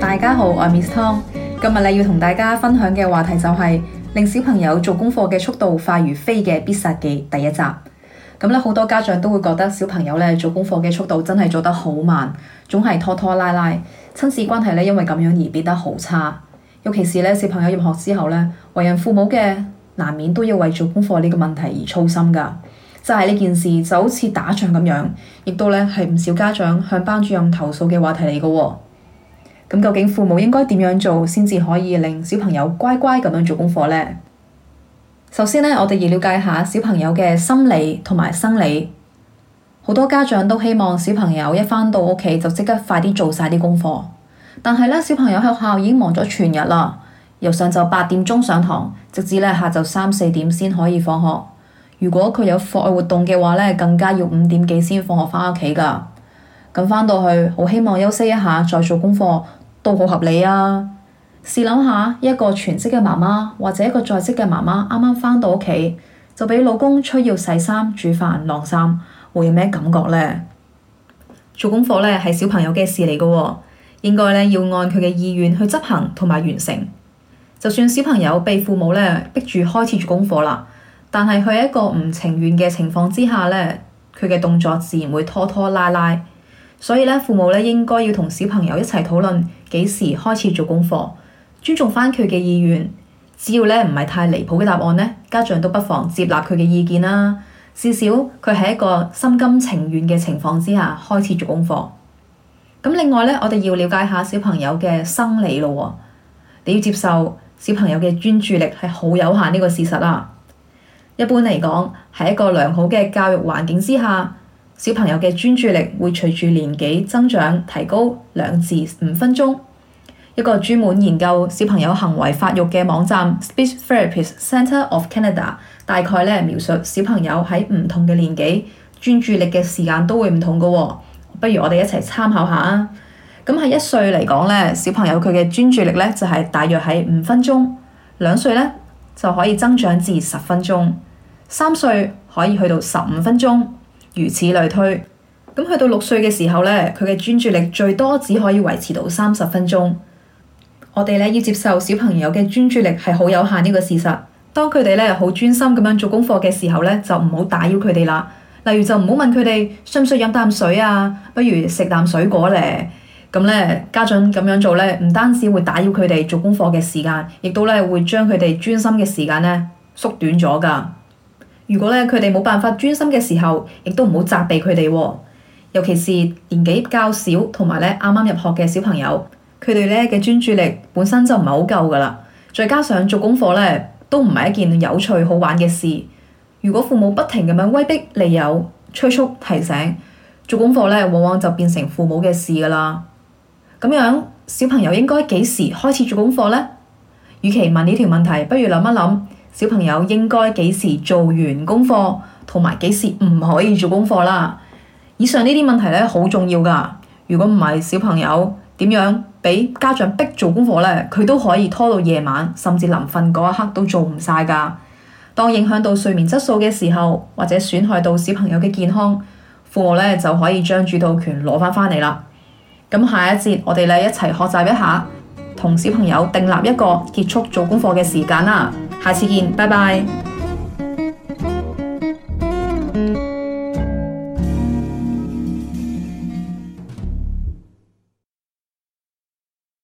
大家好，我係 Miss 湯，今日咧要同大家分享嘅話題就係、是、令小朋友做功課嘅速度快如飛嘅必殺技第一集。咁咧好多家長都會覺得小朋友咧做功課嘅速度真係做得好慢，總係拖拖拉拉，親子關係咧因為咁樣而變得好差。尤其是咧小朋友入學之後呢，為人父母嘅難免都要為做功課呢個問題而操心噶。就係呢件事就好似打仗咁樣，亦都咧係唔少家長向班主任投訴嘅話題嚟噶、哦。咁究竟父母應該點樣做先至可以令小朋友乖乖咁樣做功課呢？首先呢，我哋要了解下小朋友嘅心理同埋生理。好多家長都希望小朋友一返到屋企就即刻快啲做晒啲功課，但係呢，小朋友喺學校，校已經忙咗全日啦。由上晝八點鐘上堂，直至咧下晝三四點先可以放學。如果佢有課外活動嘅話咧，更加要五點幾先放學返屋企㗎。咁返到去，好希望休息一下再做功課，都好合理啊！試諗下一個全職嘅媽媽或者一個在職嘅媽媽，啱啱返到屋企就俾老公催要洗衫、煮飯、晾衫，會有咩感覺呢？做功課咧係小朋友嘅事嚟㗎喎，應該咧要按佢嘅意願去執行同埋完成。就算小朋友被父母咧逼住開始做功課啦，但係佢喺一個唔情願嘅情況之下咧，佢嘅動作自然會拖拖拉拉。所以呢，父母呢應該要同小朋友一齊討論幾時開始做功課，尊重返佢嘅意願。只要呢唔係太離譜嘅答案呢，家長都不妨接納佢嘅意見啦。至少佢喺一個心甘情願嘅情況之下開始做功課。咁另外呢，我哋要了解下小朋友嘅生理咯。你要接受小朋友嘅專注力係好有限呢個事實啦。一般嚟講，喺一個良好嘅教育環境之下。小朋友嘅專注力會隨住年紀增長提高兩至五分鐘。一個專門研究小朋友行為發育嘅網站 Speech Therapist Centre of Canada 大概咧描述小朋友喺唔同嘅年紀專注力嘅時間都會唔同嘅哦。不如我哋一齊參考下啊！咁喺一歲嚟講咧，小朋友佢嘅專注力咧就係大約喺五分鐘；兩歲咧就可以增長至十分鐘；三歲可以去到十五分鐘。如此類推，咁去到六歲嘅時候咧，佢嘅專注力最多只可以維持到三十分鐘。我哋咧要接受小朋友嘅專注力係好有限呢個事實。當佢哋咧好專心咁樣做功課嘅時候咧，就唔好打擾佢哋啦。例如就唔好問佢哋需唔需要飲啖水啊，不如食啖水果咧。咁咧，家長咁樣做咧，唔單止會打擾佢哋做功課嘅時間，亦都咧會將佢哋專心嘅時間咧縮短咗噶。如果咧佢哋冇辦法專心嘅時候，亦都唔好責備佢哋哦。尤其是年紀較小同埋咧啱啱入學嘅小朋友，佢哋咧嘅專注力本身就唔係好夠噶啦。再加上做功課咧都唔係一件有趣好玩嘅事。如果父母不停咁樣威逼利誘、催促提醒做功課咧，往往就變成父母嘅事噶啦。咁樣小朋友應該幾時開始做功課咧？與其問呢條問題，不如諗一諗。小朋友應該幾時做完功課，同埋幾時唔可以做功課啦？以上呢啲問題呢，好重要㗎。如果唔係小朋友點樣畀家長逼做功課呢，佢都可以拖到夜晚，甚至臨瞓嗰一刻都做唔晒㗎。當影響到睡眠質素嘅時候，或者損害到小朋友嘅健康，父母呢，就可以將主導權攞返返嚟啦。咁下一節我哋呢，一齊學習一下，同小朋友訂立一個結束做功課嘅時間啦。下次見，拜拜。